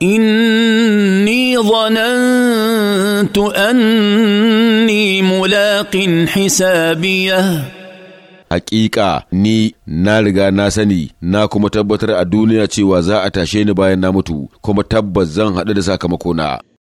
in إني ظننت أني ملاق hisabiya. Haƙiƙa ni na riga na sani na kuma tabbatar a duniya cewa za a tashe ni bayan na mutu kuma tabbas zan haɗu da sakamakona.